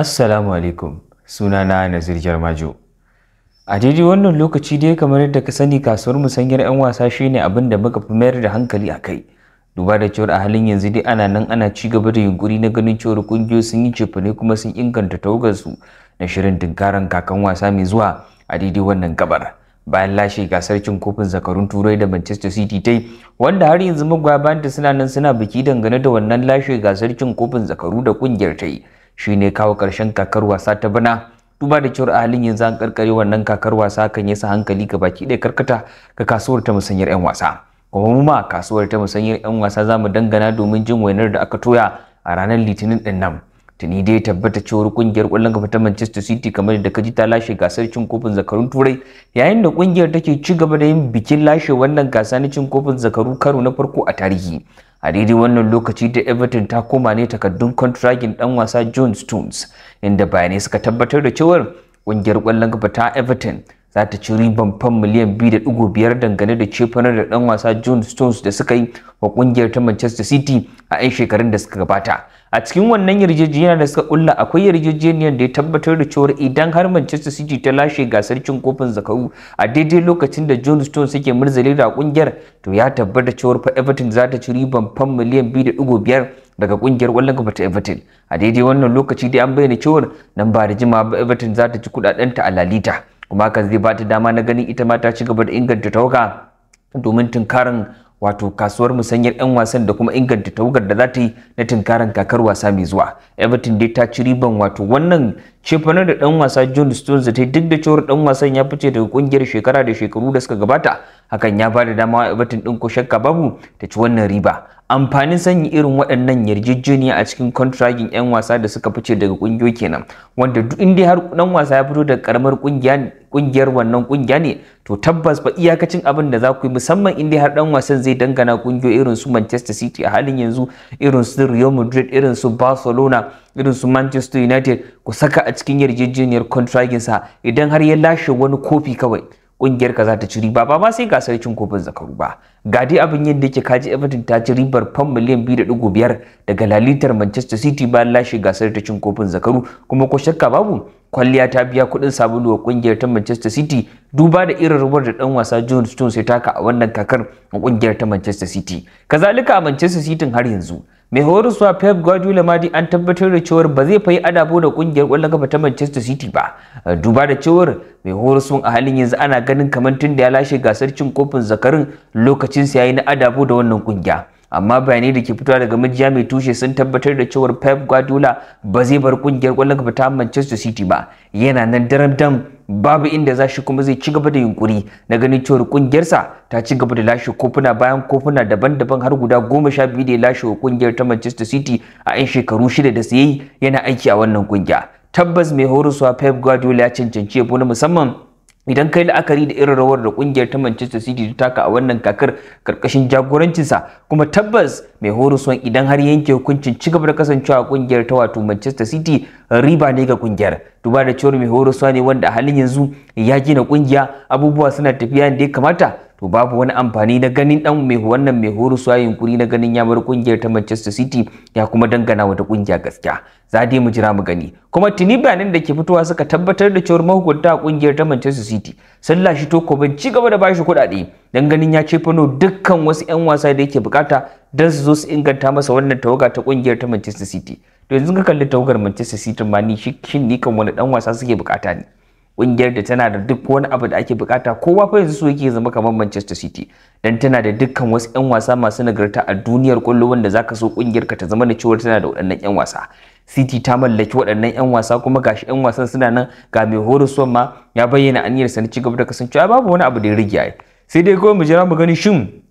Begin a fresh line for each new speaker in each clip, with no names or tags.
Assalamu alaikum na Nazir Jarmajo. A daidai wannan lokaci dai kamar yadda ka sani kasuwar musanyar 'yan wasa shine abin da muka fi mayar da hankali a kai. Duba da cewar a halin yanzu dai ana nan ana ci gaba da yunkuri na ganin cewar kungiyoyi sun yi cefane kuma sun inganta tawagarsu na shirin tunkaran kakan wasa mai zuwa a daidai wannan gabar. Bayan lashe gasar cin kofin zakarun turai da Manchester City ta yi wanda har yanzu magoya bayanta suna nan suna biki dangane da wannan lashe gasar cin kofin zakaru da kungiyar ta yi. Shi ne kawo ƙarshen kakar wasa ta bana duba da cewar a halin yanzu an karkare wannan kakar wasa kan sa hankali ga baki ɗaya karkata ga kasuwar ta musanyar 'yan wasa kuma mu ma kasuwar ta musanyar 'yan wasa za mu dangana domin jin wainar da aka toya a ranar litinin ɗin nan tuni dai tabbata cewar kungiyar kwallon kafa ta Manchester City kamar da kaji ta lashe gasar cin kofin zakarun Turai yayin da kungiyar take ci gaba da yin bikin lashe wannan gasa na cin kofin zakaru karo na farko a tarihi a daidai wannan lokaci da Everton ta koma ne takardun kontragin dan wasa John Stones inda bayanai suka tabbatar da cewar kungiyar kwallon kafa ta Everton za ta ci riban fam miliyan 2.5 dangane da cefanar da dan wasa John Stones da suka yi wa kungiyar ta Manchester City a 'yan shekarun da suka gabata a cikin wannan yarjejeniyar da suka kulla akwai yarjejeniyar da ya tabbatar da cewa idan har Manchester City ta lashe gasar cin kofin zakaru a daidai lokacin da John Stones suke murzali da kungiyar to ya tabbata cewa fa Everton za ta ci riban fam miliyan 2.5 daga kungiyar kwallon kafa ta Everton a daidai wannan lokaci dai an bayyana cewa nan ba da jima ba Everton za ta ci kudaden ta a lalita kuma hakan zai ba ta dama na ganin ita ma ta ci gaba da inganta tawaka domin tunkarin wato kasuwar musanyar 'yan wasan da kuma inganta tawagar da za ta yi na tunkaran kakar wasa mai zuwa everton dai ta ci riban wato wannan cefanar da dan wasa john stones ta yi duk da cewar dan wasan ya fice daga kungiyar shekara da shekaru da suka gabata hakan ya ba da dama everton din ko shakka babu ta ci wannan riba amfanin sanya irin waɗannan yarjejeniya a cikin kontragin 'yan wasa da suka fice daga ƙungiyo kenan wanda duk inda har ɗan wasa ya fito daga karamar ƙungiyar wannan ƙungiya ne to tabbas ba iyakacin abin da za ku yi musamman inda har ɗan wasan zai dangana ƙungiyo irin su Manchester City a halin yanzu irin su Real Madrid irin su Barcelona irin su Manchester United ku saka a cikin yarjejeniyar kontragin sa idan har ya lashe wani kofi kawai ƙungiyar ka za ta ciri riba ba ma sai gasar cin kofin zakaru ba ga dai abin yadda yake kaji everton ta ci ribar fam miliyan 2.5 daga lalitar manchester city bayan lashe gasar ta cin kofin zakaru kuma ko shakka babu kwalliya ta biya kuɗin sabulu wa ƙungiyar ta Manchester City duba da irin rubar da ɗan wasa John Stones ya taka a wannan kakar a ƙungiyar ta Manchester City. Kazalika a Manchester City har yanzu mai horaswa pep guardiola ma an tabbatar da cewar ba zai fayi adabo da kungiyar kwallon kafa ta manchester city ba eh, duba da cewar mai sun a halin yanzu ana ganin kamar tun da ya lashe gasar cin kofin zakarin lokacinsa sa yayi na adabo da wannan kungiya amma bayanai da ke fitowa daga majiya mai tushe sun tabbatar da cewar pep guardiola ba zai bar kungiyar kwallon kafa ta manchester city ba yana nan daram dam babu inda za shi kuma zai ci gaba da yunkuri na ganin cewar kungiyarsa ta ci gaba da lashe kofuna bayan kofuna daban-daban har guda goma sha biyu da ya lashe wa kungiyar ta manchester city a 'yan shekaru shida da su yana aiki a wannan kungiya tabbas mai horaswa pep guardiola ya cancanci yabo na musamman idan kai la'akari da irin rawar da kungiyar ta Manchester City ta taka a wannan kakar karkashin jagorancinsa kuma tabbas mai horuswan idan har yanke hukuncin ci gaba da kasancewa kungiyar ta wato Manchester City riba ne ga kungiyar duba da cewa mai horuswa ne wanda a halin yanzu ya gina kungiya abubuwa suna tafiya da ya kamata to babu wani amfani na ganin dan mai wannan mai horo su yunkuri na ganin ya bar kungiyar ta Manchester City ya kuma dangana wata kungiya gaskiya za dai mu jira mu gani kuma tuni bayanan da ke fitowa suka tabbatar da cewar mahukunta kungiyar ta Manchester City sun lashi to ban ci gaba da bashi kuɗaɗe dan ganin ya ce fano dukkan wasu ƴan wasa da yake bukata dan su zo su inganta masa wannan tawaga ta kungiyar ta Manchester City to yanzu ka kalli tawagar Manchester City ma ni shin ni kan wani dan wasa suke bukata ne kungiyar da tana da duk wani abu da ake bukata kowa fa yanzu so yake zama kamar Manchester City dan tana da dukkan wasu ƴan wasa masu nagarta a duniyar kwallo wanda zaka so ƙungiyar ka ta zama da cewa tana da waɗannan ƴan wasa City ta mallaki waɗannan ƴan wasa kuma gashi ƴan wasan suna nan ga mai horaswa ma ya bayyana aniyar sa na cigaba da kasancewa babu wani abu da ya rige ai sai dai kawai mu jira mu gani shin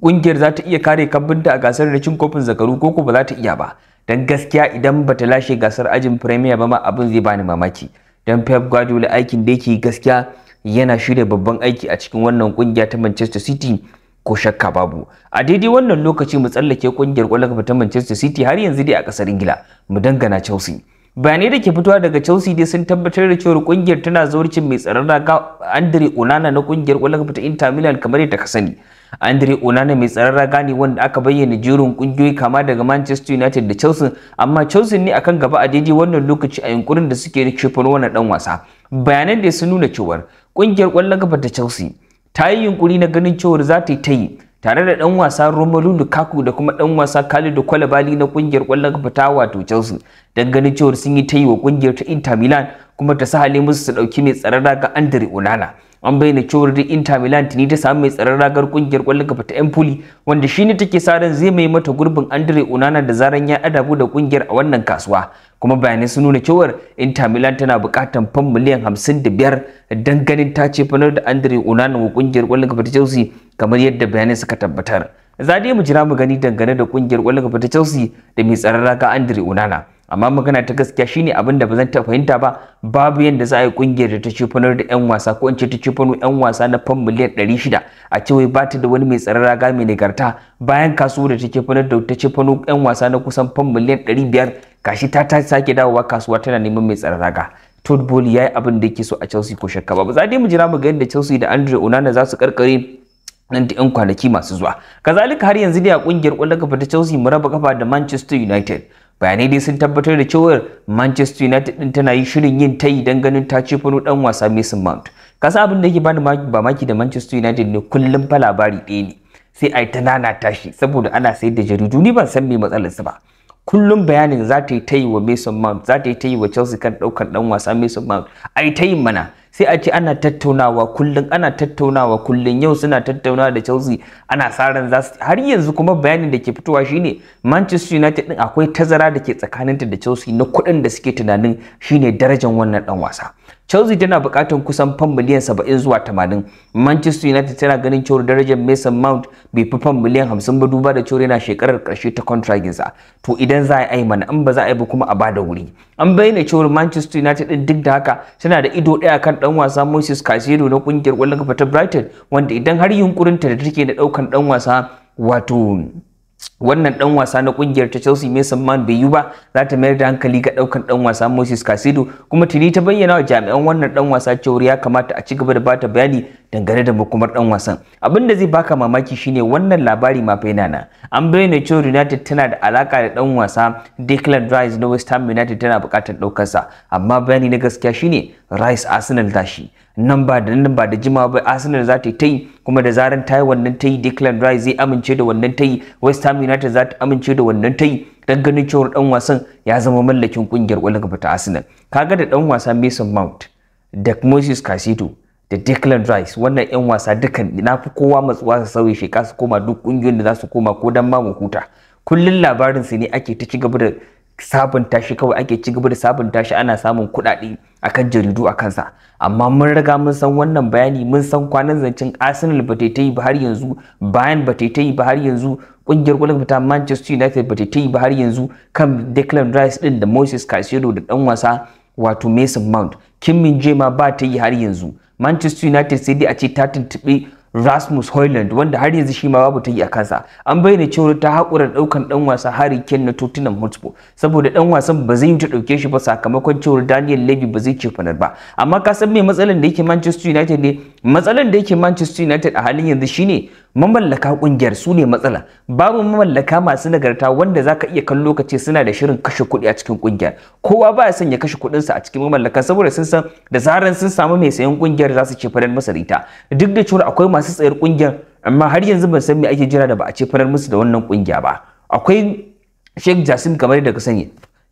kungiyar za ta iya kare kambinta a gasar da cin kofin zakaru ko ko ba za ta iya ba dan gaskiya idan bata lashe gasar ajin Premier ba ma abin zai bani mamaki don Pep Guardiola aikin da yake gaskiya yana shirya babban aiki a cikin wannan kungiya ta Manchester City ko shakka babu a daidai wannan lokaci mu tsallake kungiyar kwallon ta Manchester City har yanzu dai a kasar Ingila mu dangana Chelsea bayanai da ke fitowa daga Chelsea dai sun tabbatar da cewa kungiyar tana zaurcin mai tsaron raga Andre Onana na kungiyar kwallon ta Inter Milan kamar yadda ka sani Andre Onana mai tsaron raga ne wanda aka bayyana jerin kungiyoyi kama daga Manchester United da Chelsea amma Chelsea ne akan gaba a daidai wannan lokaci a yunkurin da suke da cefar na dan wasa. Bayanan da sun nuna cewa kungiyar kwallon kafa ta Chelsea ta yi yunkuri na ganin cewa za ta yi ta yi tare da dan wasa Romelu Lukaku da kuma dan wasa Khalid Koulibaly na kungiyar kwallon kafa ta wato Chelsea dan ganin cewa sun yi ta yi wa kungiyar ta Inter Milan kuma ta sahale musu su dauki mai tsaron raga Andre Onana. an bayyana cewar da Inter Milan tuni ta samu mai tsaron ragar kungiyar kwallon kafa ta Empoli wanda shine take sa ran zai mai mata gurbin Andre Onana da zaran ya adabu da kungiyar a wannan kasuwa kuma bayanai sun nuna cewar Inter Milan tana buƙatar fan miliyan 55 dan ganin ta ce fanar da Andre Onana wa kungiyar kwallon kafa ta Chelsea kamar yadda bayanai suka tabbatar za dai mu jira mu gani dangane da kungiyar kwallon kafa ta Chelsea da mai tsaron ragar Andre Onana amma magana ta gaskiya shine abin da ba zan ta fahimta ba babu yadda za a yi kungiyar da ta cefanar da yan wasa ko in ce ta cefano yan wasa na fan miliyan 600 a cewa ba ta da wani mai tsaron raga mai nagarta bayan kasuwa da ta cefanar da ta cefano yan wasa na kusan fan miliyan 500 gashi ta ta sake dawowa kasuwa tana neman mai tsaron raga Todd Bowley ya yi abin da yake so a Chelsea ko shakka ba ba za dai mu jira mu ga yadda Chelsea da Andre Onana za su karkare nan da 'yan kwanaki masu zuwa kazalika har yanzu ne a kungiyar kwallon kafa ta Chelsea mu raba kafa da Manchester United bayanai dai sun tabbatar da cewar manchester united din tana yi shirin yin tayi don ganin ta ce fano dan wasa mason mount kasa abin da yake bani mamaki da manchester united ne kullum fa labari ɗaya ne sai ai ta nana tashi saboda ana sayar da jaridu ni ban san me matsalar su ba kullum bayanin za ta yi tayi wa mason mount za ta yi tayi wa chelsea kan daukan dan wasa mason mount ai tayin mana sai a ce ana tattaunawa kullum ana tattaunawa kullum yau suna tattaunawa da Chelsea ana sa ran za su har yanzu kuma bayanin da ke fitowa shine Manchester United din akwai tazara da ke tsakaninta da Chelsea na kuɗin da suke tunanin shine darajar wannan dan wasa Chelsea tana buƙatar kusan fam miliyan 70 zuwa 80. Manchester United tana ganin cewa darajar Mason Mount bai fi fam miliyan 50 ba duba da cewa yana shekarar ƙarshe ta contract To idan za a yi mana in ba za a yi ba kuma a bada wuri. An bayyana cewa Manchester United din duk da haka tana da ido ɗaya kan dan wasa Moses casero na kungiyar ƙwallon kafa ta Brighton wanda idan har yunkurinta da take na ɗaukan dan wasa wato wannan dan wasa na kungiyar ta Chelsea Mason Mount bai yi ba za ta mayar da hankali ga daukan dan wasa Moses Casido kuma tuni ta bayyana wa jami'an wannan dan wasa cewa ya kamata a ci gaba da bata bayani dangane da makomar dan wasan abin da zai baka mamaki shine wannan labari ma faina na an bayyana cewa United tana da alaka da dan wasa Declan Rice na West Ham United tana bukatar daukar sa amma bayani na gaskiya shine Rice Arsenal tashi nan ba da nan ba da jima ba Arsenal za ta yi ta yi kuma da zaran ta yi wannan ta yi Declan Rice zai amince da wannan ta yi West Ham United za ta amince da wannan ta yi dan ganin cewar dan wasan ya zama mallakin kungiyar ƙwallon gaba ta Arsenal kaga da dan wasa Mason Mount da Moses Casido da Declan Rice wannan yan wasa dukan na fi kowa matsuwa su sauye sheka su koma duk kungiyoyin da za su koma ko dan ma mu huta kullun labarin su ne ake ta ci gaba da sabunta shi kawai ake ci gaba da sabunta shi ana samun kuɗaɗe akan jaridu a kansa amma mun riga mun san wannan bayani mun san kwanan zancen Arsenal ba ta yi ba har yanzu Bayern ba ta yi ba har yanzu kungiyar kwallon fita Manchester United ba ta yi ba har yanzu kan Declan Rice din da Moses Caicedo da dan wasa wato Mason Mount Kim Min Jae ma ba ta yi har yanzu Manchester United sai dai a ce ta tuntuɓe Rasmus Hoyland wanda har yanzu shi ma babu ta yi a kansa an bayyana cewa ta haƙura ɗaukan dan wasa Harry Kane na Tottenham Hotspur saboda ɗan wasan ba zai ta dauke shi ba sakamakon cewa Daniel Levy ba zai ce fanar ba amma ka san me matsalar da yake Manchester United ne matsalar da yake Manchester United a halin yanzu shine mamallaka kungiyar su ne matsala babu mamallaka masu nagarta wanda zaka iya kallo lokaci suna da shirin kashe kuɗi a cikin kungiyar kowa ba son ya kashe sa a cikin mamallaka saboda sun san da zaran sun samu mai sayan kungiyar za su ce fanar masa rita duk da cewa akwai masu tsayar kungiyar amma har yanzu ban san me ake jira da ba a ce farar musu da wannan kungiya ba akwai Sheikh Jasim kamar da ka sani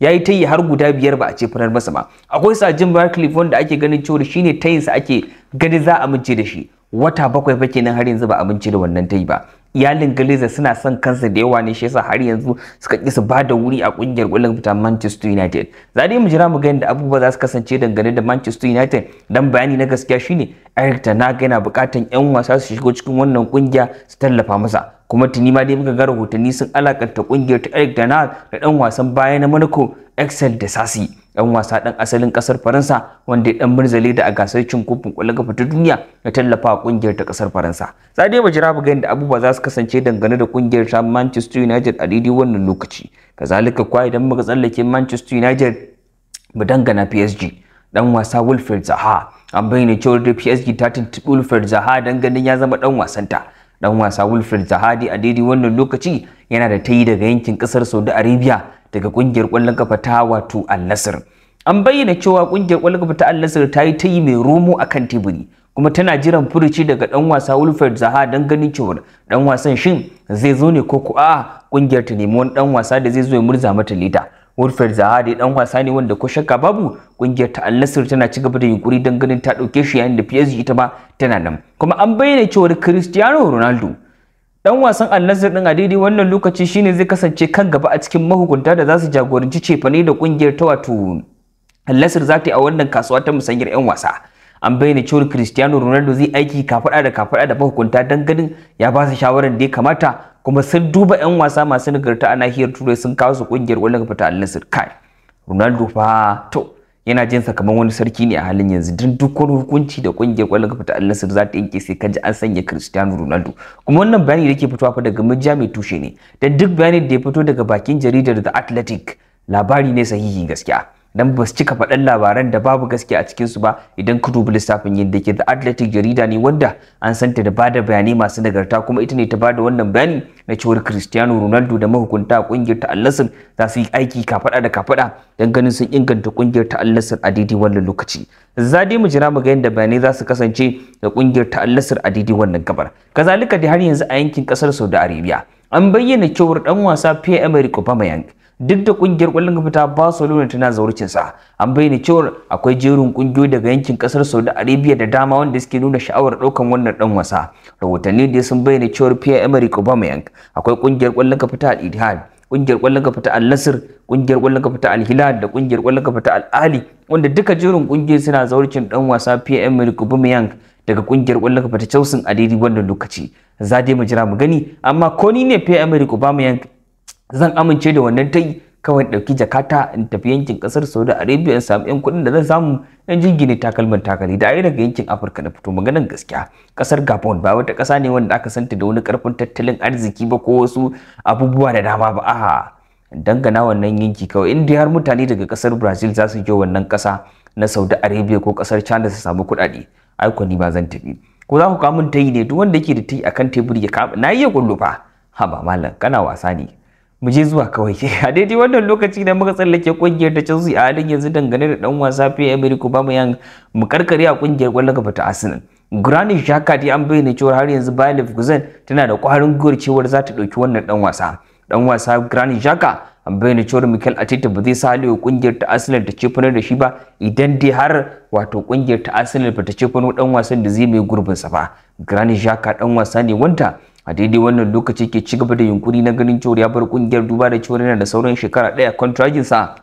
ya yi tayi har guda biyar ba a ce farar masa ba akwai Sajin Barkley wanda ake ganin cewa shine tayin sa ake gani za a amince da shi wata bakwai fa kenan har yanzu ba amince da wannan tayi ba iyalin galiza suna son kansa da yawa ne shi yasa har yanzu suka ki su bada wuri a kungiyar kwallon fita Manchester United. Za dai mu jira mu ga inda abubuwa za su kasance dangane da Manchester United dan bayani na gaskiya shine Eric Ten Hag yana bukatan yan wasa su shigo cikin wannan kungiya su tallafa masa. Kuma tuni ma dai muka ga rahotanni sun alakanta kungiyar ta Eric Ten Hag da ɗan wasan baya na Monaco Excel da Sassi. dan wasa dan asalin kasar Faransa wanda ya dan murzali da a gasar cin kofin kwallon kafa ta duniya ya tallafa kungiyar ta kasar Faransa. Sai dai mu jira mu ga da abubuwa za su kasance dangane da kungiyar ta Manchester United a daidai wannan lokaci. Kazalika kwa idan muka tsallake Manchester United mu dangana PSG dan wasa Wilfred Zaha an bayyana cewar da PSG ta tuntuɓi Wilfred Zaha dan ganin ya zama dan wasanta. Dan wasa Wilfred Zaha a daidai wannan lokaci yana da tayi daga yankin ƙasar Saudi Arabia daga kungiyar kwallon kafa ta wato al nassr an bayyana cewa kungiyar kwallon kafa ta al nassr ta yi ta yi mai romo akan teburi kuma tana jiran furuci daga dan wasa Wilfred Zaha dan ganin cewa dan wasan shin zai zo ne ko ko a kungiyar ta nemi wani dan wasa da zai zo ya murza mata leda Wilfred Zaha dai dan wasa ne wanda ko shakka babu kungiyar ta Al-Nassr tana cigaba da yunkuri dan ganin ta dauke shi yayin da PSG ita ma tana nan kuma an bayyana cewa Cristiano Ronaldo dan wasan al-Nassr din a wannan lokaci shine zai kasance kan gaba a cikin mahukunta da za su jagoranci cefane da kungiyar ta wato al-Nassr za ta yi a wannan kasuwa ta musanyar 'yan wasa an bayyana cewa Cristiano Ronaldo zai aiki kafada da kafada da mahukunta dan ganin ya ba su shawaran da ya kamata kuma sun duba 'yan wasa masu nagarta a nahiyar Turai sun kawo su kungiyar wannan fita al-Nassr kai Ronaldo fa to yana jin sa kamar wani sarki ne a halin yanzu don duk wani hukunci da kungiyar kwallon kafa ta Allah Nassr za ta yanke sai kaji an sanya Cristiano Ronaldo kuma wannan bayani da yake fitowa fa daga mijiya mai tushe ne dan duk bayanin da ya fito daga bakin jaridar The Athletic labari ne sahihi gaskiya dan ba su cika faɗan labaran da babu gaskiya a cikinsu ba idan ka dubi lissafin yin da ke da Athletic jarida ne wanda an santa da bada bayanai masu nagarta kuma ita ne ta bada wannan bayani na cewar Cristiano Ronaldo da mahukunta kungiyar ta al za su yi aiki kafaɗa da kafaɗa don ganin sun inganta kungiyar ta Al-Nassr a daidai wannan lokaci. Za dai mu jira mu ga yadda bayanai za su kasance da kungiyar ta al a daidai wannan gabar. Kazalika da har yanzu a yankin kasar Saudi Arabia an bayyana cewar dan wasa Pierre-Emerick Aubameyang duk da kungiyar kwallon kafa ta nuna tana zaurucin sa an bayyana cewa akwai jerin kungiyoyi daga yankin kasar Saudi Arabia da dama wanda suke nuna sha'awar daukan wannan dan wasa rahotanni da sun bayyana cewa Pierre-Emerick Aubameyang akwai kungiyar kwallon kafa Al-Ittihad kungiyar kwallon kafa ta Al-Nassr kungiyar kwallon kafa Al-Hilal da kungiyar kwallon kafa Al-Ahli wanda duka jerin kungiyoyi suna zaurucin dan wasa Pierre-Emerick Aubameyang daga kungiyar kwallon kafa ta Chelsea a daidai wannan lokaci za mu jira mu gani amma ko ni ne Pierre-Emerick Aubameyang zan amince da wannan tai yi kawai ɗauki jakata in tafi yankin kasar saudi arabia in samu 'yan kuɗin da zan samu in jingine takalman takali da ai daga yankin afirka na fito maganar gaskiya kasar gabon ba wata kasa ne wanda aka santa da wani ƙarfin tattalin arziki ba ko wasu abubuwa da dama ba a'a dangana wannan yanki kawai in har mutane daga kasar brazil za su je wannan kasa na saudi arabia ko kasar china su samu kuɗaɗe ai ni ba zan tafi ko za ku kamun ta ne duk wanda yake da tai akan teburi ya kama na yi ya kullu fa ha ba malam kana wasa ne mu je zuwa kawai a daidai wannan lokaci da muka tsallake kungiyar ta Chelsea a halin yanzu dangane da dan wasa Pierre america ba mu karkare a kungiyar kwallon gaba ta Arsenal Granit Xhaka dai an bayyana cewa har yanzu Bayer Leverkusen tana da kwarin gwiwar cewa za ta dauki wannan dan wasa dan wasa Granit Xhaka an bayyana cewa Mikel Arteta ba zai sa halewa kungiyar ta Arsenal ta cefanar da shi ba idan dai har wato kungiyar ta Arsenal ba ta cefano dan wasan da zai mai gurbinsa ba Granit Xhaka dan wasa ne wanda a daidai wannan lokaci ke cigaba da yunkuri na ganin cewa ya bar kungiyar duba da cewa yana da sauran shekara ɗaya kwantragin sa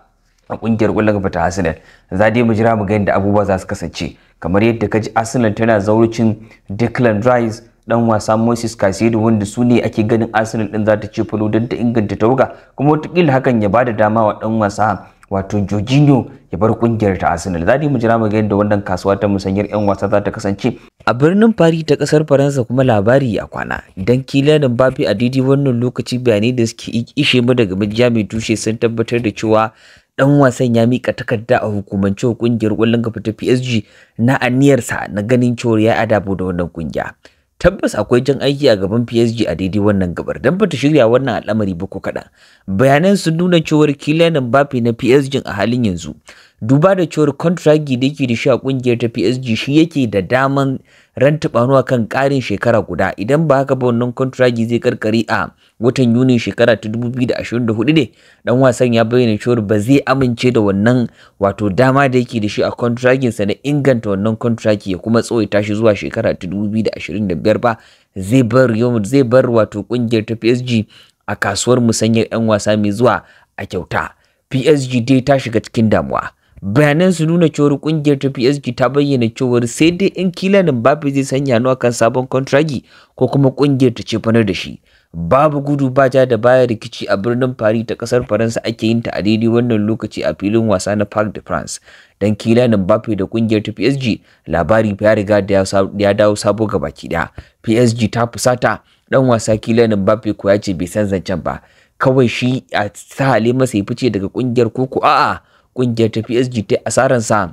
a kungiyar ƙwallon gaba ta Arsenal za dai mu jira mu ga yadda abubuwa za su kasance kamar yadda kaji Arsenal tana zaurucin Declan Rice dan wasa Moses Caicedo wanda su ne ake ganin Arsenal din za ta ce fulo don ta inganta tauga kuma wataƙila hakan ya bada dama wa dan wasa wato Jorginho ya bar kungiyar ta Arsenal. Za mu jira mu ga yadda wannan kasuwa ta musanyar 'yan wasa za ta kasance. A birnin Paris ta kasar Faransa kuma labari a kwana. Idan Kylian Mbappe a didi wannan lokaci bayanai da suke ishe mu daga majiya mai tushe sun tabbatar da cewa dan wasan ya mika takarda a hukumance kungiyar kwallon kafa ta PSG na aniyarsa na ganin cewa ya adabo da wannan kungiya. tabbas akwai jan aiki a gaban PSG a daidai wannan gabar don bata shirya wannan al'amari ba ko kaɗan bayanan sun nuna cewar Kylian Mbappe na PSG a halin yanzu duba da cewar kontragi da yake da shi a kungiyar ta PSG shi yake da daman rantaba nuwa kan karin shekara guda idan ba haka ba wannan kontragi zai karkare a watan Yuni shekara ta 2024 ne dan wasan ya bayyana cewar ba zai amince da wannan wato dama da yake da shi a kontragin sa na inganta wannan kontragi ya kuma tsawaita shi zuwa shekara ta 2025 ba zai bar zai bar wato kungiyar ta PSG a kasuwar musanyar 'yan wasa mai zuwa a kyauta PSG dai ta shiga cikin damuwa bayanan su nuna cewar kungiyar ta PSG ta bayyana cewar sai dai in Kylian Mbappe zai sanya nawa kan sabon kontragi ko kuma kungiyar ta ce fanar da shi babu gudu ba ja da baya rikici a birnin Paris ta kasar Faransa ake yin ta a daidai wannan lokaci a filin wasa na Parc de France dan Kylian Mbappe da kungiyar ta PSG labari ya riga da ya dawo sabo ga baki daya PSG ta fusata dan wasa Kylian Mbappe ko ya ce bai san zancen ba kawai shi a sa masa ya fice daga kungiyar koko a'a kungiyar ta PSG ta asaransa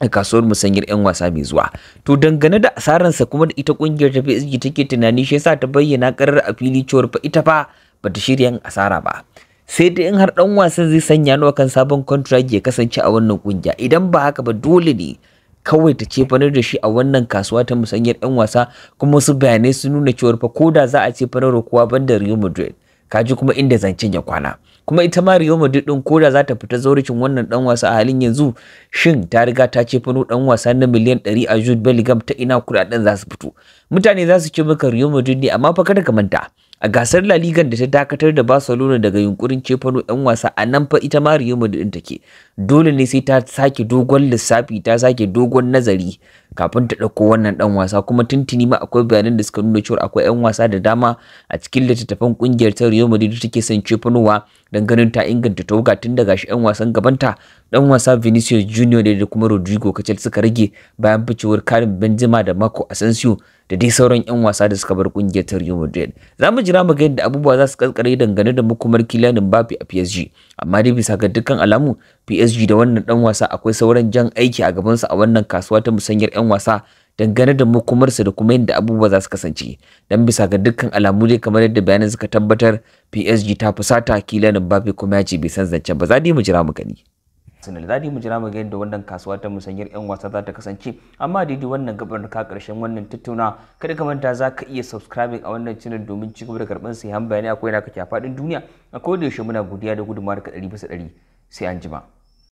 a kasuwar musanyar 'yan wasa mai zuwa to dangane da asararsa kuma da ita kungiyar ta PSG take tunani shi yasa ta bayyana karar a fili cewar fa ita fa bata shirya asara ba sai dai in har dan wasan zai sanya nawa kan sabon contract ya kasance a wannan kungiya idan ba haka ba dole ne kawai ta ce fanar da shi a wannan kasuwa ta musanyar yan wasa kuma wasu bayanai su nuna cewar fa koda za a ce fanar kowa banda Real Madrid kaji kuma inda zancen ya kwana kuma ita ma Rio Madrid din koda za ta fita zauricin wannan dan wasa a halin yanzu shin ta riga ta ce fano dan wasa na miliyan 100 a Jude Bellingham ta ina kudaden za su fito mutane za su ce maka Rio Madrid ne amma fa kada ka manta a gasar La Liga da ta dakatar da Barcelona daga yunkurin cefano 'yan wasa a nan fa ita ma Real Madrid take dole ne sai ta sake dogon lissafi ta sake dogon nazari kafin ta ɗauko wannan ɗan wasa kuma tuntuni ma akwai bayanan da suka nuna cewa akwai 'yan wasa da dama a cikin littattafan ƙungiyar ta Real Madrid take son cefanowa don ganin ta inganta tauga tun daga shi 'yan wasan gabanta ɗan wasa Vinicius Junior da kuma Rodrigo Kacal suka rage bayan ficewar Karim Benzema da Marco Asensio da dai sauran 'yan wasa da suka bar kungiyar ta Real Madrid. Za mu jira mu ga yadda abubuwa za su kaskare dangane da mukumar Kylian Mbappe a PSG. Amma dai bisa ga dukkan alamu PSG da wannan dan wasa akwai sauran jan aiki a gabansa a wannan kasuwa ta musanyar 'yan wasa dangane da makomarsa da kuma yadda abubuwa za su kasance. Dan bisa ga dukkan alamu dai kamar yadda bayanan suka tabbatar PSG ta fusata Kylian Mbappe kuma ya ce bai san zancen ba za dai mu jira mu gani. arsenal za mu jira mu ga yadda wannan kasuwa ta musanyar 'yan wasa za ta kasance amma daidai wannan gabar ka karshen wannan tattauna kada ka manta za ka iya subscribing a wannan channel domin ci gaba da karɓar sai han bayanai akwai na kake a faɗin duniya a da yaushe muna godiya da gudunmawar ka ɗari bisa ɗari sai an jima.